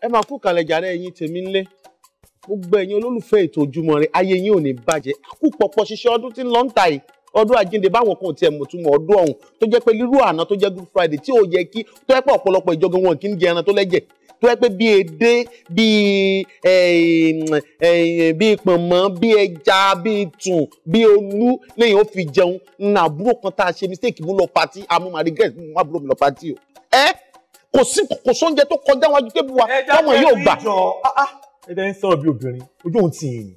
ẹ máa kú kalẹ̀ jàre ẹ̀yin tèmi ńlé gbogbo ẹ̀yin olólùfẹ́ ètò Ojúmọ́ Ire ayé yín ò ní bàjẹ́ àkú pọ̀pọ̀ ṣiṣẹ́ ọdún tí ń lọ ń ta yìí ọdún àjíǹde báwọn kan tiẹ̀ mọ̀ túmọ̀ ọdún ọ̀hún tó jẹ́ pé lílù àná tó jẹ́ good friday tí ò yẹ kí tó yẹ pé ọ̀pọ̀lọpọ̀ ìjọgin wọn kì í jẹ ẹran tó lẹ́jẹ̀ tó yẹ pé bí edé bí bí pọ̀nmọ́ bí ẹja bí tùn bí olú lẹ́yìn ó fi jẹun nà àbúrò kan tá a ṣe mistake mú lọ pati amúmarí gẹ̀ẹ́sì mú àbúrò mi lọ pati o kò sí kò sóúnjẹ tó kọjá wájú tébù wa táwọn yóò gbà. ẹja fẹ́ mi jọ ẹ̀dẹ̀ ń sọ̀rọ̀ bí obìnrin ojú òun ti yìn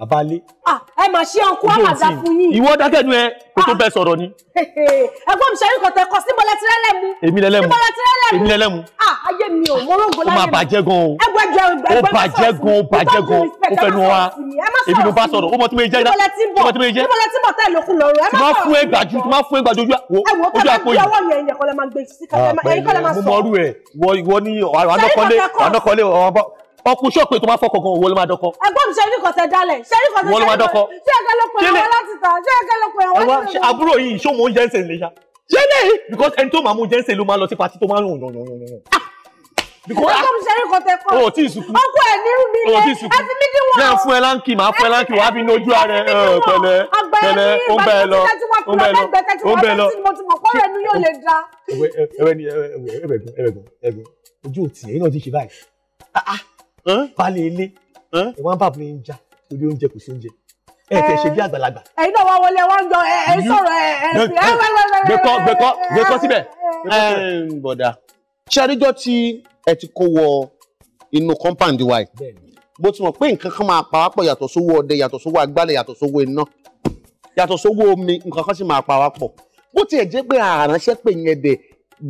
Ah, ẹ mà ṣe ọkọ àwàdà fún yín. ìwọ dákẹ́nu ẹ kó tó bẹ sọ̀rọ̀ ni. ẹ̀gbọ́n mi ṣẹ́yìn kọ̀tẹ́ kọ síbọ̀ lẹ́tí lẹ́lẹ́mu. èmi lẹ́lẹ́mu èmi lẹ́lẹ́mu. ayé mi ò mọ́rọ́gbó láyé mi. ó máa bàjẹ́ gan o. ẹgbẹ́ jẹ ẹgbẹ́ mi sọ̀rọ̀ sí mi. ó bàjẹ́ gan o bàjẹ́ gan o fẹ́ nu wa. èmi ló sọ̀rọ̀ ó mọ̀ ẹ má sọ̀rọ̀ sí mi. Ah, ọkùn ṣọ́ọ̀pù ètò máa fọ́ kankan wọ́n ló máa dọ́kọ. ẹ̀gbọ́n mi ṣẹ́rí kọ̀tẹ́ dalẹ̀ ṣẹ́rí kọ̀tẹ́ wọ́n ló máa dọ́kọ. ṣé ẹ̀kẹ́ ló pè wọ́n láti ta ṣé ẹ̀kẹ́ ló pè wọ́n láti ta. àbúrò yìí ṣó mò ń jẹ́nsẹ̀ lè ṣá. ṣé lẹ́yìn because ẹni tó máa mú jẹ́nsẹ̀ ló máa lọ sí pati tó máa ń rùn yàn yàn yàn yàn. ẹ̀gbọ́n mi ṣẹ́rí kọ̀tẹ́ kọ́ ọkọ ẹ̀ ní mi lé ẹ fi mí dín wọn. bẹ́ẹ̀ fún ẹ láǹkì máa fún ẹ láǹkì wàá fi nojú ara ẹ pẹ̀lẹ́ pẹ̀lẹ́ ó ń bẹ lọ ó ń bẹ lọ ó ń bẹ lọ. ẹwẹ ẹwẹ ẹwẹ ẹwẹ ẹgbẹ ẹgbẹ ojú òtí ẹ̀yin náà ti ṣe báyìí balẹ̀ ilé ìwọ́n bá mi ń jà torí oúnjẹ kò sí oúnjẹ ẹ tẹ̀ ṣe bí àgbàlagbà. ẹ̀yin náà wá wọlé wá ń jọ ẹ ẹ sọ̀rọ̀ ẹ ẹ sí ẹ wẹ́wẹ́wẹ́. gbẹkọ gbẹkọ gbẹkọ síbẹ̀ bọ̀dà ṣàríjọ́ tí ẹ ti kó wọ inú compound wa yìí bó ti mọ̀ pé nǹkan kan máa pa wá pọ̀ yàtọ̀ sówó ọdẹ yàtọ̀ sówó agbálẹ̀ yàtọ̀ sówó iná yàtọ̀ sówó omi nǹkan kan sì máa pa wá pọ̀ bó tiẹ̀ jẹ́ pé àránṣẹ́ pè yẹn dẹ̀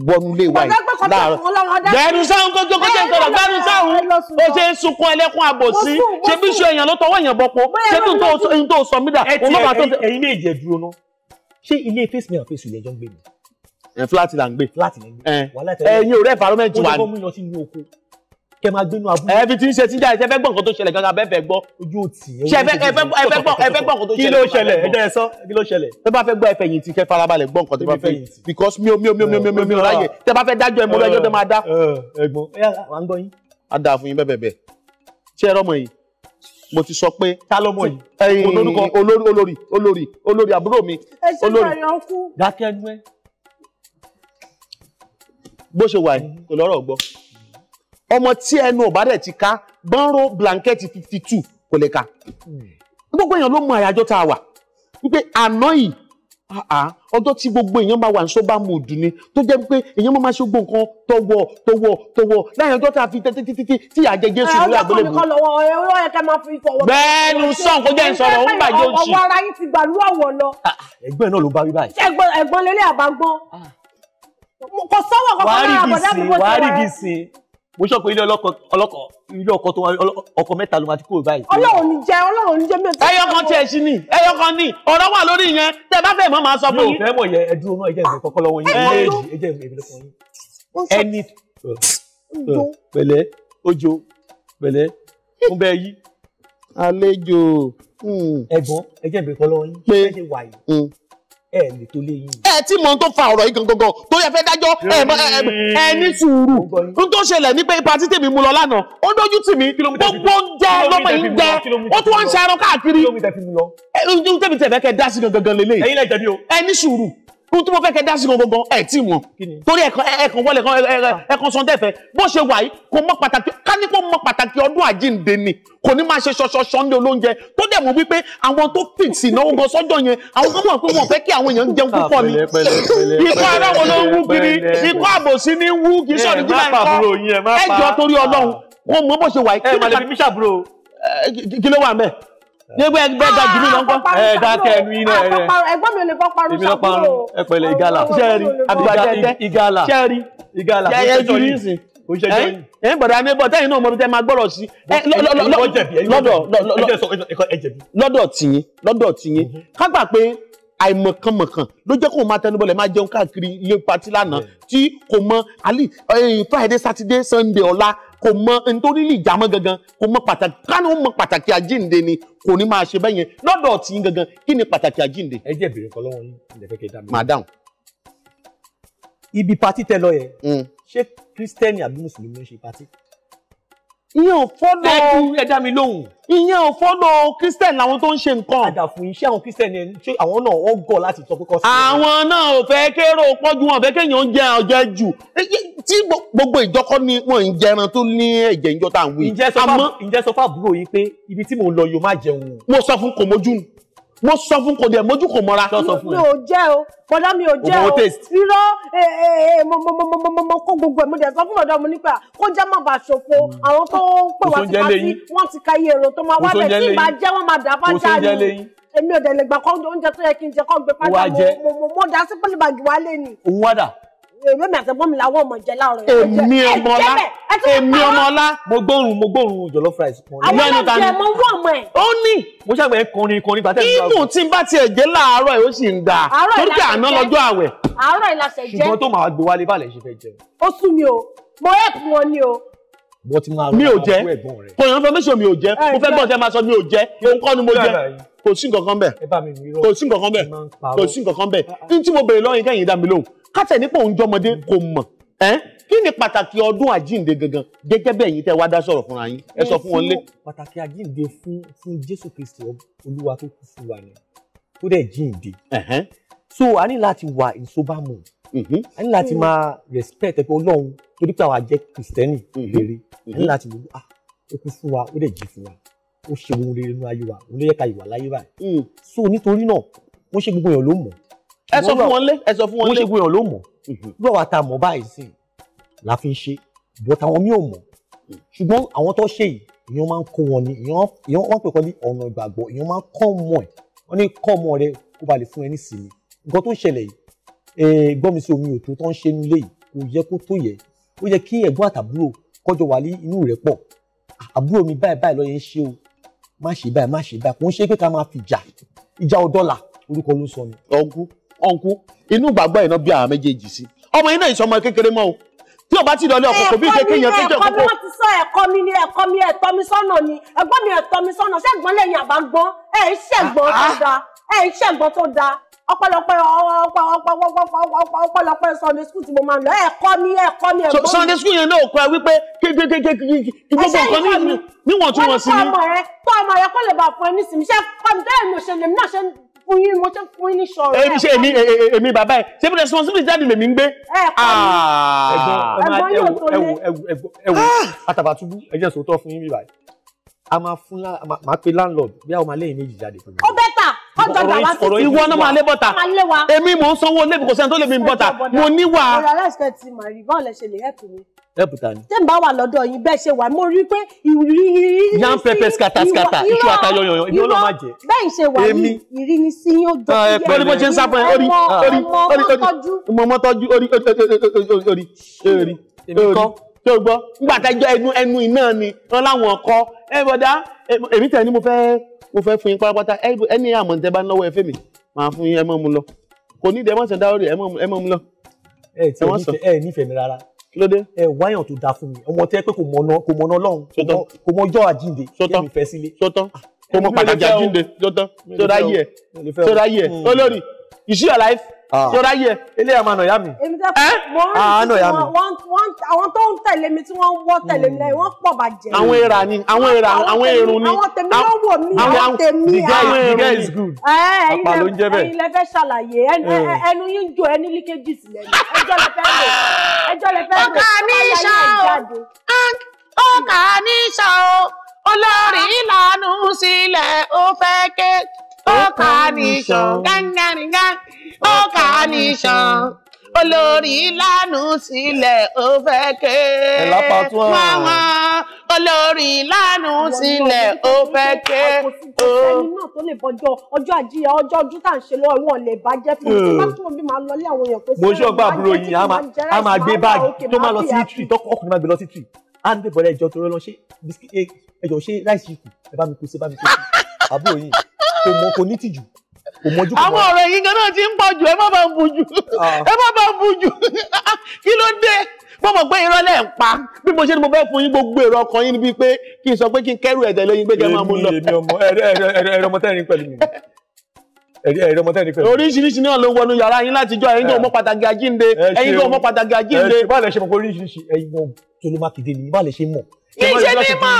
wọnú ilé wa yìí láàárọ̀ gbẹnu sáwọn kótó kótó ìtọ́lọ̀ gbẹnu sáwọn ó ṣe ń sunkún ẹlẹ́kún àbòsí ṣe bí ṣe èèyàn ló tọwọ́ èèyàn bọ̀pọ̀ ṣe bí n tó sọ mí dà òun náà tó ṣe. ẹyin méje dúró ná ṣé ilé face mail face ilé ẹjọ́ ń gbé mi. fúláàtì là ń gbé. fúláàtì là ń gbé. ẹyin ò rẹ́ environment wa ni. ó ní kó mú yan sínú oko kẹ máa gbénu abúlé. ẹ fi ti ń ṣe tíjà ẹ fẹ́ gbọ́ nǹkan tó ṣẹlẹ̀ gangan abẹ́ fẹ́ gbọ́. ojú ò tì í. ṣe ẹ fẹ́ gbọ́ ẹ fẹ́ gbọ́ nǹkan tó ṣẹlẹ̀. kí ló ṣẹlẹ̀ ẹ jẹ́ ẹ sọ kí ló ṣẹlẹ̀. tẹ bá fẹ́ gbọ́ ẹ fẹ̀yìntì kẹ farabalẹ̀ gbọ́ nǹkan tẹ bá fẹ́ yìntì. because mi ò mi ò mi ò mi ò mi ò mi ò ráyè tẹ bá fẹ́ dájọ́ ẹ mo lọ́jọ́ tẹ máa dá. ẹ̀gbọ́n wa ń gbọ́ yín. a dáa fún yín bẹ́ẹ̀ bẹ́ẹ̀ ṣé ẹ rọ́mọ yìí mo ti sọ pé ta ló mọ yìí olórúkọ olórí olórí olórí olórí àbúrò mi olórí dákẹ́nu ẹ bó ṣe wà yìí kò lọ́rọ̀ gbọ́ ọmọ tí ẹnu ọ̀bá dẹ̀ ti ká bọ́nró blanketi fifty two kò lè ka gbogbo èèyàn ló mọ àyájọ́ tá a wà wípé àná yìí ọjọ́ tí gbogbo èèyàn bá wà ń sọ́bà mòdù ni tó jẹ́ pé èèyàn máa ma ṣe gbogbo nǹkan tọwọ́ tọwọ́ tọwọ́ lẹ́yìn ọjọ́ tá a fi tẹ́tí títí tí àjẹ jésù nílẹ̀ àgbélébù. ọjọ́ bẹ́ẹ̀ni sàn kó jẹ́ ìsọ̀rọ̀ ń bàjẹ́ òsì. ọwọ́ ara yín ti gbàlú ọ̀wọ̀ lọ. Ah, ah, ẹgbẹ́ náà ló bá wí báyìí. ẹ̀gbọ́n lélẹ̀ àbágbọ́n. Ah. kò sọ́wọ́ kọ́kọ́ mo sọ pé ilé ọlọ́kọ ọlọ́kọ ilé ọkọ tó ọkọ mẹ́ta ló máa ti kúrò báyìí. ọlọ́run ní jẹ ọlọ́run ní jẹ mẹ́ta. ẹyọ kan tiẹ̀ sí ni ẹyọ kan ní ọ̀rọ̀ wà lórí yẹn tẹ bá fẹ́ mọ́ máa sọ fún yín. mi ò fẹ́ mọ̀ yẹ ẹdúró náà ẹjẹ̀ mi kọ́kọ́ lọ́wọ́ yín méjì ẹjẹ̀ mi èmi ẹni pẹ̀lẹ́ ojo pẹ̀lẹ́ fún bẹ́ẹ̀ yí. àlejò hmm. ẹ̀gbọ́n ẹjẹ̀ mi kọ́ lọ́wọ́ yín ẹ lè tó lé yìí. ẹ tí mò ń tó fa ọ̀rọ̀ yìí gangan tó yẹ fẹ́ dájọ́ ẹ ẹ ní sùúrù n tó ṣẹlẹ̀ ní pé patí tèmi mu lọ lánàá ó dójú tì mí gbogbo ń jẹ lọ́mọ yìí ń jẹ ó tún wá ń ṣe arọ káàkiri ẹ ní sùúrù kó tó mọ fẹ́ kẹ́ dá sí gangan ẹ̀ tí mọ̀ torí ẹ̀kan wọlé ẹ̀kan ah. sọ tẹ́fẹ̀ bó ṣe wà yìí kò mọ pàtàkì kání kò mọ pàtàkì ọdún àjíǹde ni kò ní máa ṣe ṣọṣọṣọ ní olóúnjẹ tó dẹ̀ mọ̀ wípé àwọn tó fix ìnáwó gan sọ́jọ́ yẹn àwọn kan mọ̀ pé wọ́n fẹ́ kí àwọn èèyàn jẹun púpọ̀ ni ikọ́ ara wọn ló ń wú kiri ikọ́ àbòsí ni wú kì í sọ̀rọ̀ nígbà ẹ̀jọ̀ torí ọlọ́run kò ah. mọ bó ṣe wà yìí eh, eh, kí ló wà mẹ́ẹ̀ nígbà ẹgbẹ́ ga jù mí lọ ńkọ́. ẹ dákẹ́ ẹnu yín náà ẹgbọ́n mi ò lè fọ́ parun ṣàkóso. ẹ pẹ̀lẹ́ ìgalà. sẹ́ẹ̀rì àgbàdẹ́dẹ́ ìgalà. sẹ́ẹ̀rì ìgalà. yẹ́yẹ́ jù yín sìn ẹ̀yin bọ̀dá neighbor tẹ́yìn náà mọ̀tún tẹ́ máa gbọ́rọ̀ sí lọ́dọ̀ tìyín lọ́dọ̀ tìyín mhm. ká gbà pé àìmọ̀kànmọ̀kàn ló jẹ́ kó máa tẹnubọ̀lẹ̀ máa jẹun káàkiri ilé patí lánàá tí kò mọ ali eh, friday saturday sunday ọ̀la kò mọ nítorí lè jà mọ́ gangan kò mọ pàtàkì kánú mọ pàtàkì àjíǹde ni kò ní máa ṣe bẹ́yẹn lọ́dọ̀ tí ń gangan kí ni pàtàkì àjíǹde. ẹ jẹ́ ìbéèrè kan lọ́wọ́ yín ìdẹ̀fẹ́ kẹta mi. madam. ibi patí tẹ lọ yẹn hmm. ṣé kírísítẹ́nì àbí mùsùlùmí ń ṣe patí ìyẹn ò fọ́lọ́ ẹ ẹ dá mi lóhùn. ìyẹn ò fọ́lọ́ christian làwọn tó ń ṣe nǹkan. àdàfù iṣẹ́ àwọn christian yẹn ṣé àwọn náà wọ́n gọ̀ láti sọ pé kọ́ sí. àwọn náà ò fẹ́ kérò pọ́jú wọn ò fẹ́ kéèyàn ń jẹ ọjọ́ jù tí gbogbo ìjọkọ́ ni wọ́n ń jẹran tó ní ẹ̀jẹ̀ ìjọ tá ǹjẹ́ sọ fún àbúrò yìí pé ibi tí mò ń lọ yóò má jẹun. mo sọ fún kò mo sọ fún kò dẹ̀ mójú kò mọ́ra. mi ò jẹ́ o bọ́dá mi ò jẹ́ o irọ́ mo kó gbogbo ẹ̀ mo dẹ̀ sọ fún bọ́dá mo nípa kó jẹ́ má bàa ṣòfò mm. àwọn tó ń pè wá sí pàtí wọ́n ti ka iye èrò tó máa wálẹ̀ tí ìbá jẹ́ wọ́n máa dà bá jáde èmi ò dẹ̀ lè gbà kọ́ oúnjẹ tó yẹ kí n jẹ kọ́ ń gbé pátá mo dá sí pẹ́lú bàgì wálé ni. òun wá dà èrò mi àtẹ̀gbọ́n mi làwọn ọmọ jẹ láàrọ̀ èmi ọmọlá èmi ọmọlá mo gbóòórùn mo gbóòórùn jollof rice kan ní ìlú ẹnu ta ni ó ní mo ṣàgbẹ̀ kọrin kọrin pàtẹ́ ìlú àgbẹ̀. inú tí n bá tiẹ̀ jẹ́ láàárọ̀ ẹ̀ ó sì ń dà torí pé àná lọ́jọ́ àwẹ̀ àárọ̀ ìlàsẹ jẹ ṣùgbọ́n tó máa gbé wálé balẹ̀ ṣe fẹ́ jẹ. ó sún mi o mo help wọn ni o wọ́n ti máa mi ò jẹ́ kò yàn information mi ò jẹ́ mo fẹ́ kò sí nǹkan kan bẹ́ẹ̀ kò sí nǹkan kan bẹ́ẹ̀ kò sí nǹkan kan bẹ́ẹ̀ n mo béèrè lọ́yìn kẹ́yìn dá mi lóhùn kátẹ̀ nípa òun jọmọdé kò mọ̀ ẹ́ kí ni pàtàkì ọdún àjíǹde gangan gẹ́gẹ́ bẹ́ẹ̀ yín tẹ́ wá dá sọ̀rọ̀ fúnra yín ẹ sọ fún wọn lé. pàtàkì àjíǹde fún fún jésù kristi olúwa tó kú fún wa ni tó dẹ̀ jíǹde. so a ní láti wà in mood mm-hmm. a ní láti máa respect ẹ̀pẹ́ ọlọ́run torí pé àwa jẹ́ kristẹni mm-hmm. rere a ní mm-hmm. láti wò ó ah, ó kú fún wa ó dẹ̀ jí fún wa ó ṣe ohun rere nínú ayé wa òun ló ká ìwà láyé báyìí mm. so nítorí náà wọ́n ṣe gbogbo èèyàn ló mọ̀ ẹ sọ fún wọn lé ẹ sọ fún wọn lé. wọ́n ṣe gbìyànjú ló mọ̀ bí wàá ta mọ̀ báyìí sí la fi ń ṣe but àwọn mi ò mọ̀ ṣùgbọ́n àwọn tó ṣe yìí èèyàn máa ń kó wọn ni èèyàn wọ́n pè kọ́ ní ọ̀nà ìgbàgbọ́ èèyàn máa ń kọ́ mọ̀ ẹ̀ wọ́n ní kọ́ mọ̀ rẹ kó ba lè fún ẹ ní sinmi nǹkan tó ń ṣẹlẹ̀ yìí gbọ́n mi sí omi òtó tó ń ṣe nílé yìí kò yẹ kó tó yẹ ó yẹ kí ẹ̀gbọ́n àtàbúrò kọjọ wà o má ọ̀nkú inú ìgbàgbọ́ ìná bí àwọn méjèèjì sí ọmọ yìí ìsọmọ kékeré mọ́ o tí o ti lọlé ọkọ̀ kò bí kékeré yẹn kéjọ kókó. ẹ̀kọ́ mi wọ́n ti sọ ẹ̀kọ́ mi ni ẹ̀kọ́ mi ẹ̀tọ́ mi sọ́nà ni ẹ̀gbọ́n mi ẹ̀tọ́ mi sọ́nà ṣẹ́gbọ́n lẹ́yìn àbágbọ́n ẹ̀ ń tó dáa ẹ̀ ń ṣẹ̀gbọ́n tó dáa ọ̀pọ̀lọpọ̀ ọ̀pọ̀lọpọ̀ sunday school tí mo máa ń lọ ẹ̀kọ́ mi ẹ̀kọ́ mi ẹ̀gbọ́n mi. sunday school yẹn náà kọ ẹ wípé kékeré gbogbo nǹkan níwọ̀ntúnwọ̀nsì ni. wọ́n ní kọ́ ọmọ yẹn kọ́ ọmọ yẹn kó lè bá fún ẹ nísìnyí ṣe kọ́ mi bẹ́ẹ̀ ni òṣèlè mi náà ṣe fún yín mo ṣe fún yín ní sọ̀rọ̀. èmi ṣe èmi èmi bàbá ẹ ṣé bí responsibility jáde lèmi ń gbé. Ah. ẹ̀gbọ́n yóò tó lé. ẹwọ ah. Àtàbàtúbú ẹ jẹ́ sòótọ́ fún yín bíbá a máa fún máa pe landlord bí àwọn ọmọ alẹ́yìn méjì jáde fún mi. ó ọ̀rọ̀ ìwọ náà máa lé bọ́ta èmi mò ń sanwó lébi kò sẹ́ni tó lè mi bọ́ta mo níwà. ọ̀rọ̀ aláìsíkẹ́ ti mà rí báwo lẹ ṣe lè hẹ́pù mi. hẹ́pù ta ni. tẹ́ ń bá wà lọ́dọ̀ yìí bẹ́ẹ̀ ṣe wà mo rí pé ìrírí. yan pẹpẹ skata skata iṣu ata yọyọyọ ibi ọlọ́mọ jẹ. bẹ́ẹ̀ ṣe wà ní ìrírí sí yóò jọ ah, sí yẹn. lórí bó ṣe ń sá fún ẹ orí orí orí orí orí orí orí èmi tẹ̀ ni mo fẹ́ mo fẹ́ fún yín pátápátá ẹni àmọ̀tẹ́ bá ń lọ́wọ́ ẹ fẹ́ mi màá fún yín ẹ mọ́ mu lọ kò ní ìdẹ́mọ̀ sẹ̀ dáwọ́rì ẹ mọ́ mu lọ. ẹ ti ẹ nífẹ̀ẹ́ mi rárá kí ló dé. ẹ wáyàn tó dáa fún mi ọmọ tẹ pé kò mọ̀nà kò mọ̀nà lọ́hùn kò mọ ọjọ́ àjínde kí ah, mi fẹ́ sílé. sọtán kò mọ pàtàkì àjínde sọtán sọdá yìí ẹ hmm. is she alive sọ́dá yẹ eléyà máa nà yá mi. èmi tẹ́ fún mi wọ́n ah, nà yá mi. àwọn tó ń tẹ̀lé mi tí wọ́n ń wọ́ tẹ̀lé mi lẹ́yìn wọ́n pọ̀ bàjẹ́. àwọn èèrà ni àwọn èèrà àwọn èrùn ni àwọn tèmi ló wò mí àwọn tèmi àwọn èrùn ni the guy is good. apá ló ń jẹ́ bẹ́ẹ̀. ẹ̀yin lẹ fẹ́ ṣàlàyé ẹnu eh. yín jò ẹni líkéjì sílẹ̀ ẹjọ́ lẹ fẹ́ lò ẹjọ́ lẹ fẹ́ lò ọkà níṣà o ọkà níṣà o olórí ìlànà sílẹ̀ ó ké ọkà níṣà gángan ọkà nìṣàn olórí lánù sílẹ̀ ó fẹ́ ké wọ́n wọ́n olórí lánù sílẹ̀ ó fẹ́ ké. ọ̀sẹ̀ni náà tó lè bọjọ́ ọjọ́ àjíyá ọjọ́ ọdún tá à ń ṣe lọ́wọ́ ìwọ̀n lè bàjẹ́ fún mi bá tún omi máa lọ lé àwọn èèyàn pé. mo ṣọ́ àbúrò yìí a máa gbé báàgì tó máa lọ sí tírì tọkọ ọkùnrin máa gbé lọ sí tírì á ń débọ̀lẹ̀ ẹjọ́ tó lọ ṣe ẹjọ́ ṣe láìsí ikù ẹ bá mi kú sí ẹ bá mi kú sí àbúrò yìí kò mọ kò ní tìjú kò mọ́jú kò mọ́. àwọn ọ̀rọ̀ yìí gan náà ti ń pọ̀ jù ẹ má bá ń bu jù ah. ẹ má bá ń bu jù kí ló dé mo mọ̀ pé irọ́ lẹ̀ ń pa bí mo ṣe ni mo fẹ́ fún yín gbogbo èrò ọkàn yín níbi pé kí n sọ pé kí n kẹ́rù ẹ̀dẹ̀ lẹ́yìn pé kẹ́ máa mú lọ. èmi ọmọ ẹ̀rọ ọmọ tẹ́rin pẹ̀lú mi ẹ̀rọ ọmọ tẹ́rin pẹ̀lú mi. oríṣiríṣi náà ló wọnú yàrá yín láti jọ ẹ̀yin tó ah. mọ pàtàkì àjínde ẹ̀yin tó mọ pàtàkì àjínde. báàlẹ̀ ṣe mọ̀ pé oríṣiríṣi ẹ̀yin náà tó ló má kéde ni báàlẹ̀ ṣe mọ̀. níṣẹ́ ni mà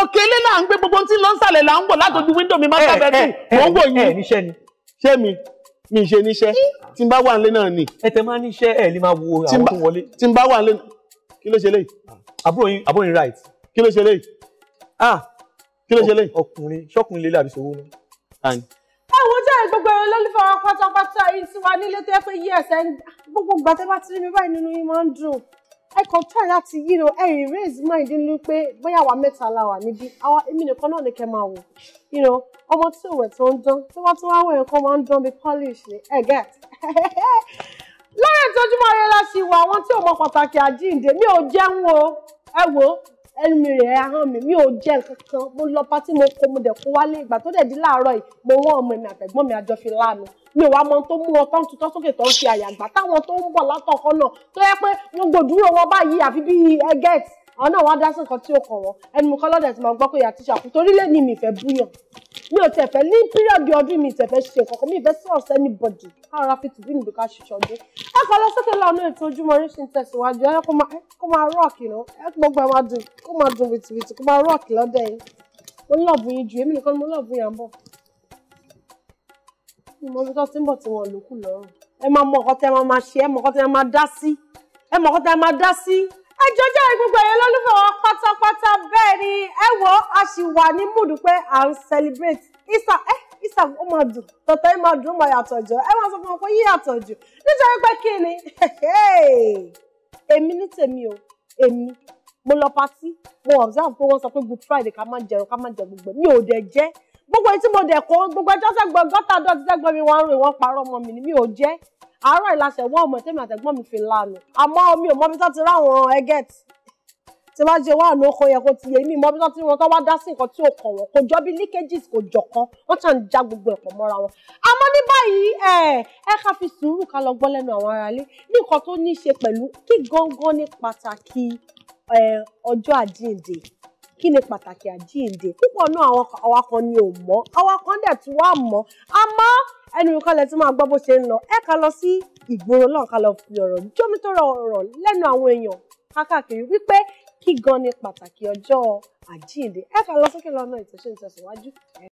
òkèlè là ń gbé gbogbo tí ń là ń wọ̀ látọjú wíńdò mi má sábẹ́ tù mò ń ah. yín. Eh, eh, eh, ṣé mi mi ṣe níṣẹ́ tí n bá wà nílé náà ni. ẹ tẹ máa níṣẹ́ ẹ lè máa wo àwọn tó wọlé. tí n bá wà nílé kí ló ṣe léyìí. àbúrò yín àbúrò yín right. kí ló ṣe léyìí. ah kí ló ṣe léyìí. ọkùnrin ṣọkùnrin lélẹ̀ àbí sòwò náà. àní. àwọn jẹ́ gbogbo ẹ̀rọ lólùfẹ́ wọn pátápátá yìí ti wà nílé tó yẹ pé yí ẹ̀sẹ̀ gbogbo gbàtẹ́ bá ti rí mi báyìí nínú yín máa ń dùn ẹ kàn try láti yí o ẹ erase eh, mind ní pé bóyá àwa mẹ́ta la wà níbí àwa èmi nìkan náà ni kẹ́ máa wò ọmọ tí òwe tó ń dán tí wọ́n tún wá wọ̀ ẹ̀kọ́ máa ń dán bí polish ni ẹ get lórí ìtọ́júmọ́ ayé láti wọ àwọn tí ò mọ pàtàkì àjíǹde mi ò jẹun o ẹ wo ẹnu mi rẹ̀ ahọ́n mi mi ò jẹ nǹkan kan mo lọ pa tí mo kó mo dẹ̀ kó wálé ìgbà tó dẹ̀ di láàárọ̀ yìí mo wọ́n ọmọ mi àtẹ̀gbọ́n mi àjọ fi láàánú mi ò wá mọ tó mú wọn tán tutọ́ sókè tó ń ṣe àyàgbá táwọn tó ń bọ̀ látọ̀kọ́ náà tó yẹ pé gbogbo dúró wọn báyìí àfi bí ẹgẹ́t àwọn náà wọ́n dá sí nǹkan tí ó kàn wọ́n ẹnu mi kọ́ lọ́dẹ̀ tí mo gbọ́ pé àti ṣàkó torí lè ní mi ìfẹ́ búyàn mi ò tẹ̀fẹ́ ní pírọ̀dì ọdún mi ìtẹ̀fẹ́ ṣe nǹkan mi ìfẹ́ sọ̀rọ̀ sẹ́ni bọ̀dì káàrọ̀ fi tìbí nìbí ká ṣiṣọ́ dé ẹ kọ́ lọ sókè lọ́nà ètò ojúmọ́ rí ṣe ń tẹ̀síwájú ẹ kó máa rọ́ọ̀kì náà ẹ gbogbo ẹ máa dùn kó máa dùn bìtìbìtì kó máa rọ́ọ̀kì lọ́dẹ̀ yìí mo lọ́ọ̀bù yín ju èmi nìkan mo lọ́ọ̀bù yàn bọ̀ mo fi tọ́ sí ń bọ̀ tí wọ́n lòókù lọ́rùn ẹ máa mọ ọkọtẹ máa máa ṣe ẹ mọ ọkọtẹ máa dá sí ẹ mọ ọkọtẹ máa dá sí. ẹjọ jẹ gbogbo ẹyẹ lọlọfẹ wa pátápátá bẹ́ẹ̀ ni ẹ wọ a sì wà ní múdù pé à ń celebrate isa ẹ eh, isa ó máa dùn tọ̀tọ̀ ẹ máa dùn ó máa yàtọ̀ jù ẹ máa sọ fún wọn pé yíyàtọ̀ jù nítorí pé kí ni èmi ní tèmi o èmi mo lọ patí mo observe pé wọ́n sọ pé good friday ká má jẹun ká má jẹ gbogbo mi ò dẹ̀ jẹ́ gbogbo etí mo dẹ̀ kó gbogbo ẹjọ́ sẹ́gbọ́n gọ́tà dọ́tí sẹ́gbọ́n mi wọ́n ń rìn wọ́n parọ́ ọmọ mi ni mi ò jẹ́ àárọ̀ ìlàsẹ̀ wọ́n ọmọ tèmi àtẹ̀gbọ́n mi fi lànà àmọ́ mi ò mọ bí tó ti ráwọn ẹgẹ́t tí wọ́n ṣe wà lóko yẹ kó ti yẹ mí mọ bí tó ti wọn tó wá dá sí nǹkan tí ò kàn wọ́n kò jọ bí líkejì kò jọ kan wọ́n tàn já gbogbo ẹ̀pọ̀ mọ́ra wọn. àmọ́ ní báyìí ẹ ẹ ká fi sùúrù ká lọ gbọ́ lẹ́nu àwọn aráalé ní nǹkan tó ní í ṣe pẹ̀lú kí gangan ní pàtàkì ọjọ́ àjíǹde kí ni pàtàkì àjíǹde púpọ̀ náà àwa kan ni ò mọ̀ àwa kan dẹ̀ tún wá mọ̀ àmọ́ ẹnu mi kọ́lẹ̀ tí máa gbọ́ bó ṣe ń lọ ẹ ká lọ sí ìgboro náà ká lọ fi ọ̀rọ̀ jómítọ́rọ̀ ọ̀rọ̀ lẹ́nu àwọn èèyàn kákàkiri wípé kí gan ni pàtàkì ọjọ́ àjíǹde ẹ lọ sókè lọ́nà ìtẹ̀síwájú